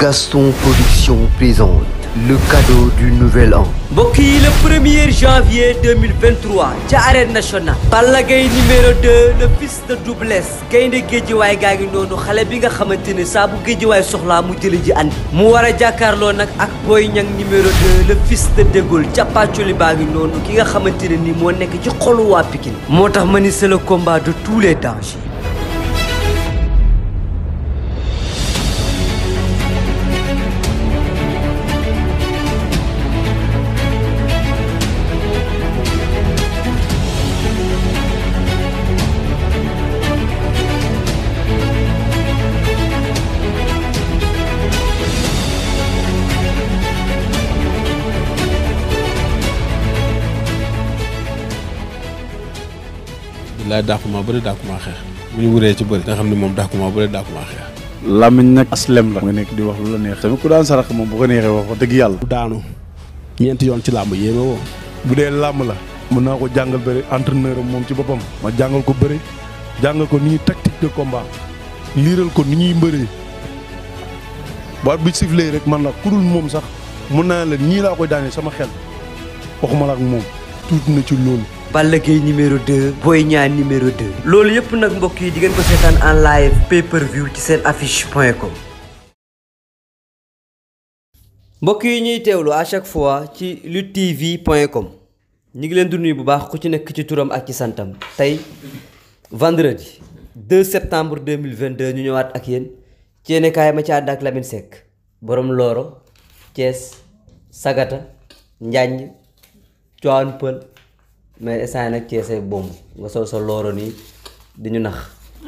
Gaston Production présente le cadeau du nouvel an. mbokk yi la premier janvier 2023 ca arène nationale. Balla Gaye numéro 2 le fils de Double Less gaynde géejiwaay gaa ngi noonu xale bi nga xamante ne saa bu géejiwaay soxlaa mu jëli ji andi. mu war a jàkkaarloo nag ak Boy Niang numéro 2 le fils de Dégol cappaacoli baa ngi noonu ki nga xamante ne ni moo nekk ci xolu waa Pikine. moo tax ma ni c'est le combat de tous les dangers. bëri dàkkumaa xeex bu ñu wuree ci bëri nga xam ne moom dàkkumaa bëri dàkkumaa xeex làmmiñ nag aslem la nga nekk di wax lu la neex tamit ku daan sarax moom bu ko neexee wax dëgg yàlla daanu ñeenti yoon ci làmb yéeme woo bu dee làmb la mën naa ko jàngal bëri entraîneur am moom ci boppam ma jàngal ko bëri jàngal ko ni ñuy tactique de combat liiral ko ni ñuy mbëree ba bi siflee rek man la ku moom sax mën naa la ñii laa koy daane sama xel waxuma la ak na ci loolu Balla Gaye numéro loolu yëpp nag mbokk yi di ko seetaan en live pay per view ci seen affiche point com. mbokk yi ñuy teewlu à chaque fois ci luttetv point com ñu ngi leen di nuyu bu baax ku ci nekk ci turam ak ci santam tey vendredi 2 septembre 2022 ñu ñëwaat ak yéen ci yéen kaay ma ci ànd ak Lamine Seck borom looro Thiès Sagata Njaañ Coan Pël mais instant nag Thiès bomb nga sol sa Loro nii. di ñu nax.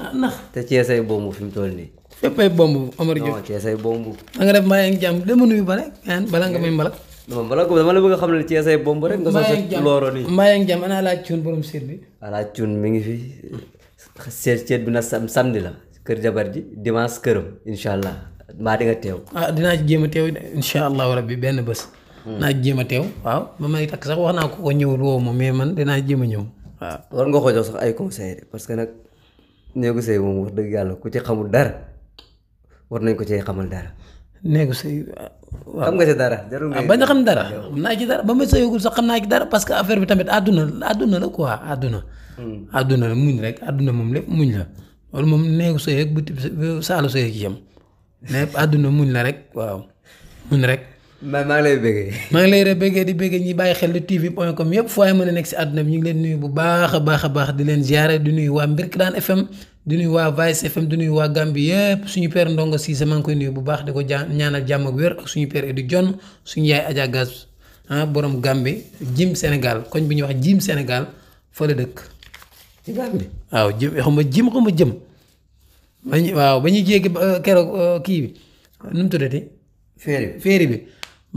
ah nax te Ceesay bomb fi mu toll nii. féppay bomb Omar Diop non Ceesay bomb. na nga def mbaa nuyu ba rek balaa nga may mbala. mbala ko dama la bëgg a xam ne Ceesay bomb rek. nga a looro nii mbaa yeeg jàmm ana ah, ngi fi seet seet bi na sam samedi la kër jabar ji dimanche këram incha allah maa di nga teew. ah dinaa ci jéem a teew incha allahu rabbi benn bés. Hmm. naa jéem a teew waaw ba may takk sax wax naa ko ko ñëwul woo mais man dinaa jéem a ñëw waaw. war nga ko jox sax ay conseils parce que nag néegu sëy moom wax dëgg yàlla ku ci xamul dara war nañ ko cee xamal dara. néegu sëy waaw xam nga ci dara jarul nga ah, a xam dara naa ci dara ba ma sëyagul sax xam naa ci dara que affaire bi tamit àdduna àdduna la quoi àdduna. Hmm. àdduna la muñ rek àdduna moom lépp muñ la loolu moom néegu sëy ak bu saalu sëy ci yam mais àdduna muñ la rek waaw muñ rek. maa ngi lay bëggee. maa ngi lay bëggee di bëggee ñi bàyyi xel Lutte TV point com yëpp fu waay mën a nekk si àdduna bi ñu leen nuyu bu baax a baax a baax di leen ziare di nuyu waa Mbirkilaan FM di nuyu waa Vice FM di nuyu waa Gambie yëpp suñu père Ndongo Cissé maa koy nuyu bu baax di ko jaa ñaanal jàmm ak wér ak suñu père suñu yaay Adja Gass ah borom Gambie jim Sénégal koñ bi ñuy wax jim Sénégal fa la dëkk. waaw jim xaw ma jim xaw ma jëm. ba ñu waaw ba ñuy jéggi euh, keroog euh, kii bi nu mu tuddati. féeri bi féeri bi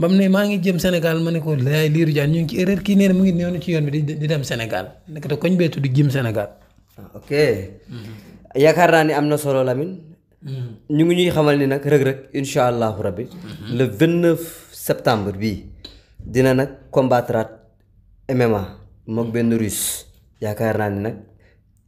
ba mu ne maa ngi jëm Sénégal ma ne ko laay Lirou Diane ñu ngi ci erreur kii nee mu ngi noonu ci yoon bi di dem Sénégal nekk te koñ bee tudd jëm Sénégal. Ah, ok yaakaar naa ni am na solo Lamine. Mm-hmm. ñu ngi ñuy xamal ni nag rëg-rëg incha allahu rabbi mm-hmm. le 29 septembre bii dina nag combattre MMA mook benn russe yaakaar naa ni nag.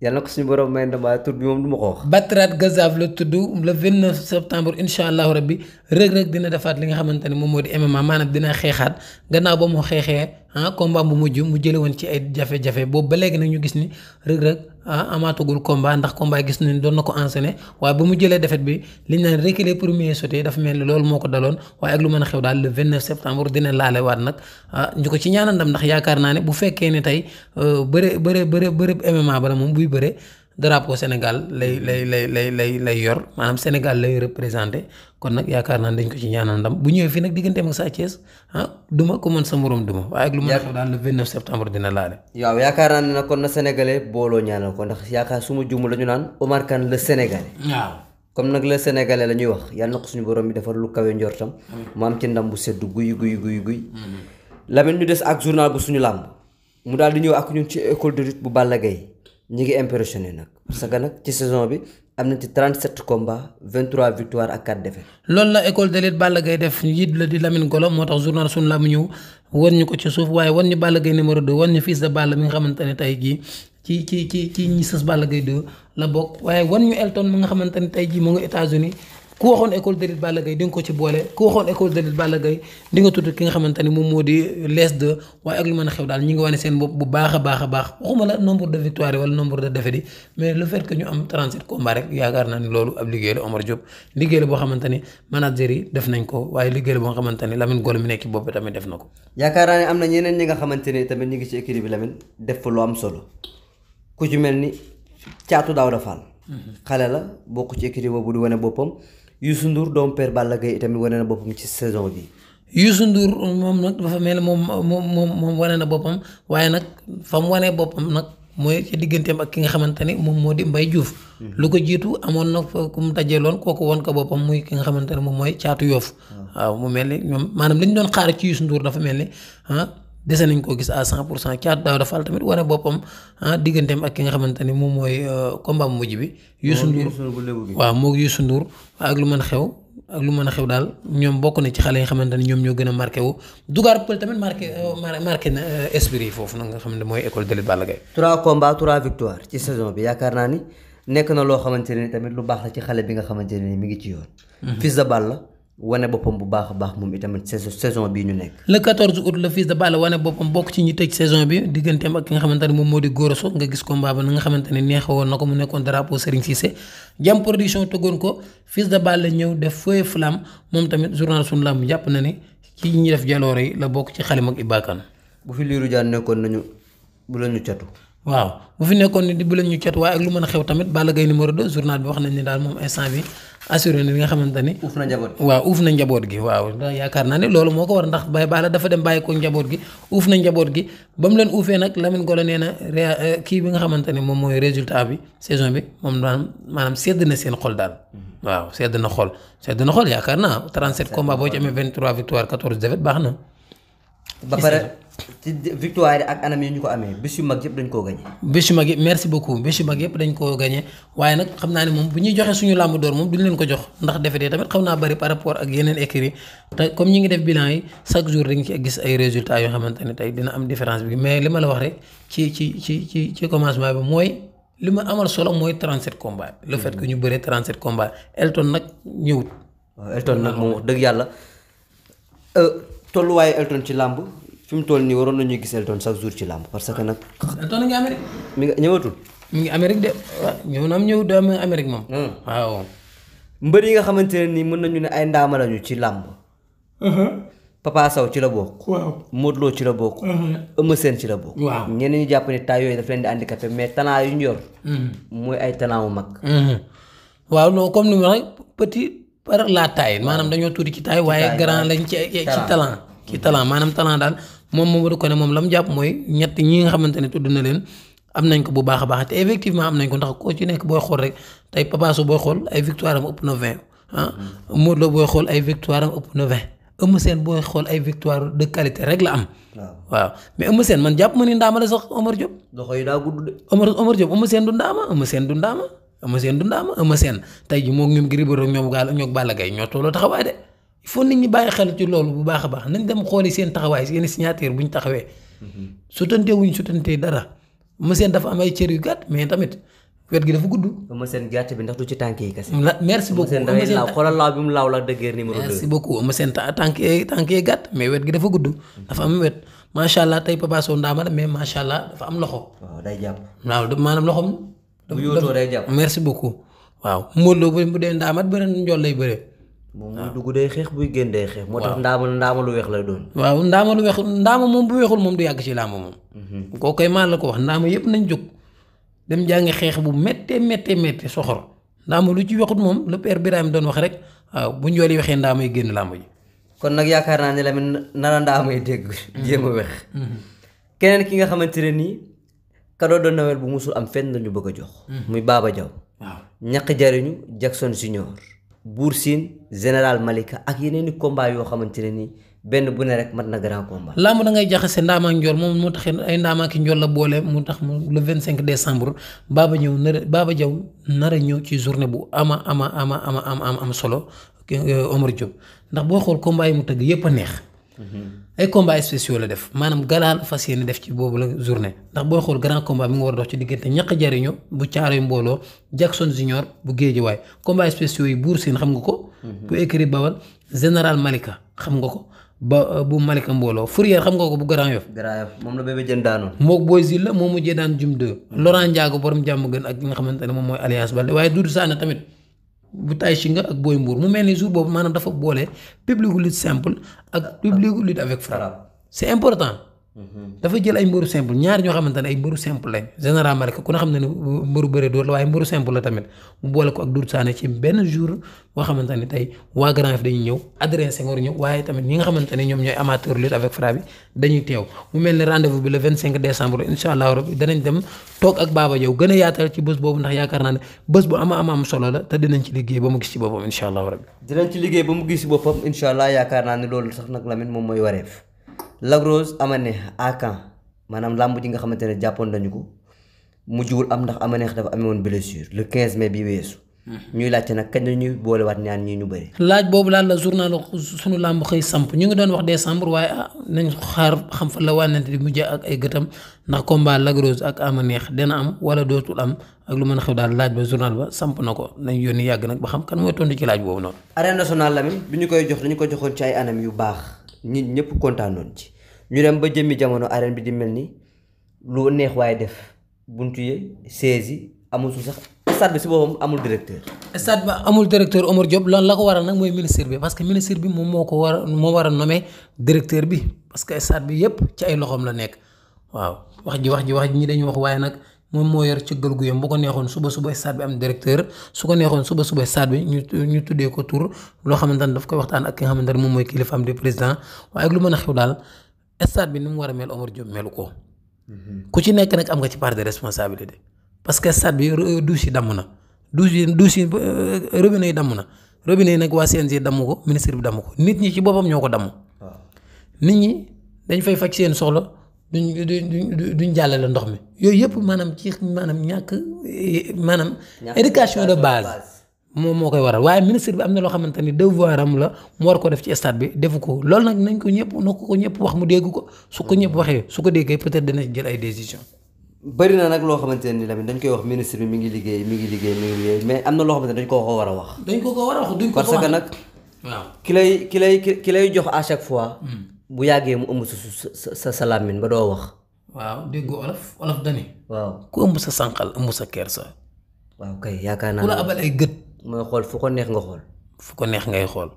yàlla na ko suñu borom may ndam waaye tur bi moom du ma ko wax. Batrat Gazav la tudd le septembre incha allahu rabbi Reug Reug dina defaat li nga xamante ne moom moo di MMA maanaam dina xeexaat gannaaw ba mu xeexee ah combat bu mujj mu jëlee woon ci ay jafe-jafe boobu ba léegi nag ñu gis ni Reug Reug ah amaatagul combat ndax combat gis nañ doon na ko enseigné waaye ba mu jëlee défaite bi li ñu naan reculer premier sauté dafa mel ni loolu moo ko daloon waaye ak lu mën a xew daal le 29 septembre dina laale waat nag ah ñu ko ci ñaanal ndam ndax yaakaar naa ne bu fekkee ne tey euh, bëre bëre bëre bëre MMA bala moom buy bëre drapeau Sénégal lay mm-hmm. lay lay lay lay lay yor maanaam Sénégal lay représenté kon nag yaakaar naa dañ ko ci ñaanal ndam bu ñëwee fii nag digganteem ak Sa Thiès ah duma ko mën sa moroom duma waaye ak lu mën a xew daal septembre dina laale waaw yaakaar naa ne nag kon na sénégalais booloo ko ndax yaakaar su ma la ñu naan Omar Kane le comme nag le la ñuy wax yàlla suñu borom bi defar lu kawee njortam mu am ci ndam bu sedd guy guy guy guy Lamine ñu des ak journal bu suñu làmb mu daal di ñëw ak ñun ci école de lutte bu Balla Gaye ñi ngi impressionné nag parce que nag ci saison bi am na ci 37 combats 23 victoires ak 4 défaites. loolu la école de lutte Balla Gaye def njiit la di Lamine Golo moo tax journal sunu la mu ñëw wan ñu ko ci suuf waaye wan ñu Balla Gaye numéro 2 wan ñu fils de Balla mi nga xamante ne tey jii ci ci ci ci ñi gay Balla Gaye 2 la bokk waaye wan ñu Elton mi nga xamante ne tey jii moo nga États-Unis ku waxoon école de lutte Balla Gaye di nga ko ci boole ku waxoon école de lutte Balla Gaye di ki nga xamante moom moo di les deux waaye ak lu mën a xew daal ñi ngi wane seen bu baax a baax a baax waxuma la nombre de victoire wala nombre de défaites yi mais le fait que ñu am 37 combats rek yaakaar naa ni loolu ab liggéey la Omar Diop liggéey la boo xamante ni def nañ ko waaye liggéey la boo xamante ni Gol mi nekk ci bopp tamit def na ko. yaakaar naa na ñeneen la faal. Mhm. la bokk ci équipe boobu di wane Youssou Ndour doomu père Balla Gaye itamit wane na boppam ci saison bi. Youssou Ndour moom nag dafa mel moom moom moom wane na boppam waaye nag fa mu wanee boppam nag mooy ci digganteem ak ki nga xamante ni moom moo di mbay juuf hmm. lu ko jiitu amoon na ku mu dajeeloon kooku won ko boppam muy ki nga xamante ne moom mooy caatu yoof hmm. waaw mu mel ni ñoom maanaam li doon xaar ci Youssou Ndour dafa mel ni ah, dese nañ koo gis à cent pour cent Thiatou Daouda Fall tamit wane boppam ah digganteem ak ki nga xamante ni moom mooy euh, combat mu mujj bi. Youssou Ndour waaw moog Youssou Ndour ak lu mën xew ak lu mën a xew daal ñoom bokk na ci xale yi nga xamante ni ñoom ñoo gën a marqué wu. Dugar Pël tamit marqué euh, marqué na euh, esprit yi foofu nag nga xam ne mooy école de lutte Balla Gaye. 3 combats 3 victoires ci saison bi yaakaar naa ni nekk na loo xamante ne tamit lu baax la ci xale bi nga xamante ne mi ngi ci yoon. Mhm. Fils de Balla wane boppam bu baax baax moom itamit saison bii ñu nekk. le 14 août le fils de Balla wane boppam bokk ci ñi tëj saison bi digganteem ak ki nga xamante ne moom moo di Gora Sock nga gis combat ba na nga xamante ne neexewoon na ko mu nekkoon drapeau Serigne Cissé jam production tëggoon ko fils de Balla ñëw def feu flamme moom tamit journal sunu làmb jàpp na ne ci ñi def jaloore yi la bokk ci xalim ak Ibakan bu fi liiru jaan nekkoon nañu bu la ñu catu. waaw bu fi nekkoon ni di bu leen ñu cot waaye ak lu mën a xew tamit Balla Gaye numéro 2 journal bi wax nañ ni daal moom instant bi assuré na nga xamante ni uuf na njaboot waaw uuf na njaboot gi waaw yaakaar naa ne loolu moo ko war ndax Baye Balla dafa dem bàyyi ko njaboot gi uuf na njaboot gi ba mu leen uufee nag Lamine Golo nee euh, kii bi nga xamante ni moom mooy résultat bi saison bi moom daal maanaam sedd na seen xol daal mhm. waaw sedd na xol sedd na xol yaakaar naa 37 combats boo ci amee 23 victoire 14 défaites baax na ba pare ci victoire ak anam yi ñu ko amee bés yu mag yëpp dañ koo gagné. bés yu mag yëpp merci beaucoup bés yu mag yëpp koo gagné waaye nag xam naa ne moom bu ñuy joxe suñu làmb door moom ñu leen ko jox ndax defe dee tamit xaw naa bëri par rapport ak yeneen écrits te comme ñi ngi def bilan yi jour dañ ci gis ay résultats yoo xamante ne dina am différence bi mais li ma la wax ci ci ci ci commencement bi mooy. li ma amal solo mooy 37 combats. le fait que ñu bëree 37 combats Elton nag ñëwut. waaw Elton nag moom wax dëgg yàlla. Euh, tolluwaayu Elton ci làmb fi mu toll nii waroon nañuy gis Elton chaque jour ci làmb parce que nag. Elton mi ñëwatul. mi ngi Amérique de waaw ñëw am ñëw de Amérique moom. Hmm. mbër yi nga xamante ne nii mën nañu ne ay ndaama lañu ci làmb. Uh-huh. Papa Sow ci la bokk. waaw Modou ci la bokk. Uh-huh. Eumeu Sène ci la bokk. waaw ñi jàpp ne taay yooyu daf leen di handicapé mais talent yu ñu yor. Uh-huh. mooy ay talent wu mag. waaw non comme ni ma la petit. par la taille maanaam dañoo tuuti ci taille waaye grand lañ ci ci talent ci talent maanaam talent daal moom moom du ko ne moom la mu jàpp mooy ñett ñi nga xamante ne tudd na leen am nañ ko bu baax a baax te effectivement am nañ ko ndax ko ci nekk booy xool rek tey Papa Sow booy xool ay victoire am ëpp na 20 ah mm. Modou Lo booy xool ay victoire am ëpp booy xool ay victoire de qualité rek la am. waaw mais Eumeu Sène man jàpp ma ni ndaama la sax Omar Diop. loxo yi daa gudd de. Omar Omar Diop Eumeu Sène du ndaama Eumeu Sène du ndaama. Eumeu Sène du ndaama Eumeu Sène tey ji moo ngi ñoom Gris Bordeaux ñoom gaal ñoom Balla Gaye ñoo tolloo taxawaay de il nit ñi bàyyi xel ci loolu bu baax a baax nañ dem xooli seen taxawaay seen signature bu ñu taxawee mhm. sutante wuñ sutante dara Eumeu Sène dafa am ay cër yu gàtt mais tamit wet gi dafa gudd. Eumeu Sène gàtt bi ndax du ci tànk yi kese. merci beaucoup Eumeu Sène dafay la dëgër numéro 2. merci beaucoup Eumeu Sène tànk yee tànk yee gàtt mais wet gi dafa gudd. Mhm. dafa am wet macha allah tey Papa Sow ndaama la mais macha allah dafa am loxo. waaw day jàpp waaw maanaam loxoom. bu yootoo day jàpp merci beaucoup. waaw Modou Lo bu dee ndaamat bëri na njool lay bëree. moom muy dugg day xeex buy génn day xeex. moo tax ndaama ndaama lu weex lay doon. waaw ndaama lu ndaama moom bu weexul moom du yàgg ci làmb moom. Mhm. kooku kay maa ko wax ndaama yëpp nañ jóg. dem jàngi xeex bu méttee méttee méttee soxor ndaama lu ci weexut moom le père Birame doon wax rek waaw bu njool yi waxee ndaamay génn làmb ji. kon nag yaakaar naa ne la nana ndaamay dégg. a weex. Mhm. cadeau de Noël bu mosul am fen lañu bëgg a jox. Hmm. muy Baba Diaw. waaw ñaq jariñu Jackson Junior. buur Sine général Malika ak yeneen i combat yoo xamante ne nii benn bu ne rek mat na grand combat. làmb da ngay jaxase ndaamaak njool moom moo tax ay ndaamaaki njool la boole mu tax mu le vingt cinq décembre Baba ñëw nar Baba Diaw nar a ñëw ci journée bu ama ama ama ama am am solo euh, Omar Diop ndax boo xool combat yi mu tëgg yëpp a neex. ay combats spéciaux la def maanaam galaa la fas def ci boobu la journée ndax booy xool grand combat bi nga war a dox ci diggante ñaq jariñu bu caaroy mbooloo Jackson Junior bu Géejawaay combats spéciaux yi buur seen xam nga ko. Mhm. bu écrit bawal général Malika xam nga ko. ba euh, bu Malika Mbooloo Fourière xam nga ko bu Grand Yoff. Grand Yoff moom la bébé jën daanoon. moog Boy Zil moo mujjee daan jum 2. Mhm. Laurent Ndiago jàmm gën ak nga xamante moom mooy alliance Baldé bu tay si ak booy mbuur mu mel ni jour boobu maanaam dafa boole public lutte simple ak public lutte avec frappe c'est important dafa jël ay mbëru simple ñaar ñoo xamante ne ay mbëru simple lañ général Malika ku ne xam ne ne mbëru bëre dóor la waaye mbëru simple la tamit mu boole ko ak Doudou Sané ci benn jour boo xamante ne tey waa Grand Yoff dañuy ñëw Adrien Senghor ñëw waaye tamit ñi nga xamante ne ñoom ñooy amateur lutte avec Fra bi dañuy teew mu mel ne rendez-vous bi le 25 décembre incha allah rabbi danañ dem toog ak Baba Diaw gën a yaatal ci bés boobu ndax yaakaar naa ne bés bu ama ama am solo la te dinañ ci liggéey ba mu gis ci boppam incha allah rabbi dinañ ci liggéey ba Lac Rose Amanekh à Caen maanaam làmb ji nga xamante ne jàppoon nañu ko mu mujjul am ndax Amanekh dafa amoon blessure le 15 mais bi weesu. Mhm. ñuy laajte nag kañ la ñuy boolewaat ñaan ñi ñu bëri. laaj boobu laal la journal sunu làmb xëy samp ñu ngi doon wax décembre waaye ah xaar xam fa la wànnante bi mujjee ak ay gëtam ndax combat Lac Rose ak Amanekh dina am wala dootul am ak lu mën a xew daal laaj ba journal ba samp na ko nañ yónni yàgg nag ba xam kan mooy tontu ci laaj boobu noonu. arène nationale la bi ñu koy jox dañu ko joxoon ci ay anam yu baax. nit ñëpp kontaanoon ci ñu dem ba jëmmi jamono arène bi di mel ni lu neex waaye def buntu yi saisi yi amul su sax stade bi si boppam amul directeur. stade bi amul directeur Omar Diop lan la ko waral nag mooy ministre bi parce que ministre bi moom moo ko war moo war a nommé directeur bi parce que stade bi yëpp ci ay loxoom la nekk waaw wax ji wax ji wax ji ñi dañu wax waaye nag. moom moo yor ci gël gu ko neexoon suba suba stade bi am directeur su ko neexoon suba suba stade bi ñu ñu tuddee ko tur loo xamante ne daf koy waxtaan ak ki nga xamante ne moom mooy kilifaam di président waaye ak lu mën a xew daal stade bi ni mu war a mel Omar Diop melu ko. Mhm. ku ci nekk nag am nga ci part responsabilité. parce que stade bi douche yi damm na douche yi douche yi euh, robinet yi damm na robinet yi nag waa CNG damm ko ministre bi damm ko nit ñi ci boppam ñoo ko damm. nit ñi dañ fay faj seen soxla. duñ duñ duñ duñ jàllale ndox mi yooyu yëpp maanaam ci maanaam ñàkk maanaam. éducation de base. moom moo koy waral waaye ministre bi am na loo xamante ni devoir am la mu war ko def bi defu ko loolu nag nañ ko ñëpp ko ñëpp wax mu dégg ko su ko ñëpp waxee su ko déggee peut-être dana jël ay décision bëri na nag loo xamante ne ni tamit dañ koy wax ministre bi mi ngi liggéey mi ngi liggéey mais am na loo xamante ne dañ ko ko war a wax. dañ ko ko war wax duñ ko parce que ki lay ki lay ki lay jox à chaque fois. Hmm. bu yàggee mu ëmb sa sa sa làmmiñ ba doo wax. waaw déggu olof olof dani waaw ku ëmb sa sànqal ëmb sa kersa. waaw kay yaakaar naa ku la abal ay gët. mooy xool fu neex nga xool. fu neex ngay xool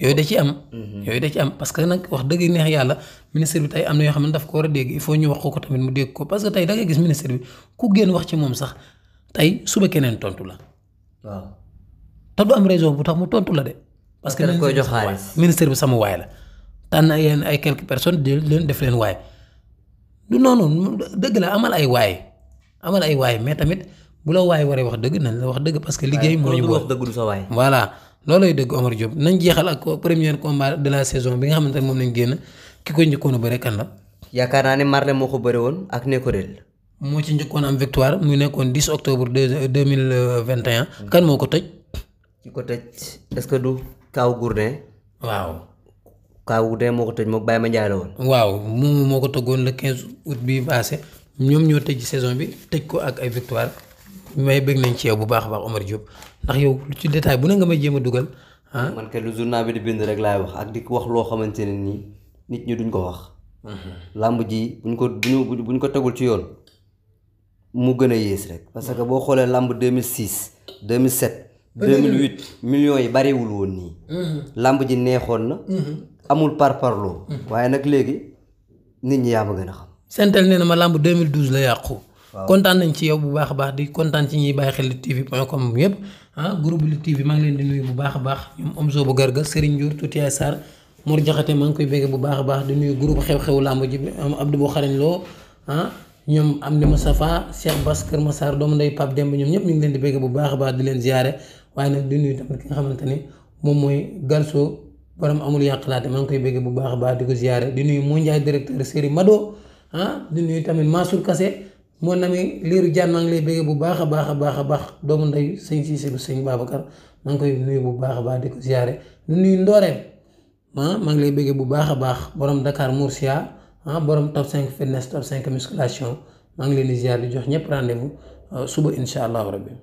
yooyu da ci am. Mhm. yooyu da ci am parce que wax dëgg neex yàlla ministre bi tey am na yoo xam ne daf ko war a dégg il faut ñu wax ko tamit mu dégg ko parce que tey da ngay bi ku génn wax ci moom sax tey suba keneen tontu la. waaw te bu tax mu tontu la de. parce que ministre bi sama waay la. tànn yenn ay quelques personnes di leen def leen waaye du noonu dëgg la amal ay waaye amal ay waaye mais tamit bu la waaye waree wax dëgg nañ la wax dëgg parce que liggéey moo ñu wax dëgg du sa waay voilà loolay dëgg Omar Diop nañ jeexal ak premier combat de la saison bi nga xamante ne moom nañ génn ki ko njëkkoon a bëre kan la yaakaar naa ne Marley moo ko bëre woon ak Nekorel moo ci njëkkoon am victoire mu nekkoon 10 octobre 2021 kan moo ko tëj ki ko tëj est que du Kaw Gourdin waaw kaawu dee moo ko tëj moog Baye Mandiaye la waaw moom moo ko ñoo tëj saison bi tëj ko ak ay victoire may nañ ci yow bu baax a baax Omar Diop ndax yow lu ci détail bu ne nga may jéem a dugal ah. man kay lu bi bind rek laay wax ak di wax loo xamante ne nii nit ñi duñ ko wax. làmb ji buñ ko buñ ko tegul ci yoon mu gën a yées rek. parce que boo xoolee làmb 2006 2007. 2008 millions yi bariwul woon nii. Mhm. làmb ji neexoon na. Mhm. amul par parparloo. Mhm. waaye nag léegi nit ñi yaa ma gën a xam. Sentel nee na ma làmb 2012 la yàqu. waaw kontaan nañ ci yow bu baax a baax di kontaan ci ñuy bàyyi xel Lutte TV point com yëpp ah groupe Lutte TV maa ngi leen di nuyu bu baax a baax ñoom Omzo bu Garga Serigne Ndiour Toutiaye Sarr Mor Jaxate maa ngi koy bégg bu baax a baax di nuyu groupe xew-xewu làmb ji Abdou Bo Xarañ Lo ah ñoom Amdi Moustapha Cheikh Bass Kër Massar doomu ndey Pape Demba ñoom ñëpp ñu ngi leen di bégg bu baax a baax di leen ziare waaye nag di nuyu tamit ki nga xamante ni moom mooy Galso borom amul yàqalaate maa ngi koy bégg bu baax a baax di ko ziare di nuyu Mounja directeur Serigne Mado ah di nuyu tamit Mansour Kassé moo nami liiru jaan maa ngi lay bégg bu baax a baax a baax baax doomu nday sëñ Cissé bu sëñ Babacar maa ngi koy nuyu bu baax a baax di ko ziare di nuyu Ndooreem ah maa ngi lay bégg bu baax a baax borom Dakar Moursia ah borom top 5 fitness top 5 musculation maa ngi leen di ziare di jox ñëpp rendez vous ah, suba incha allahu rabbi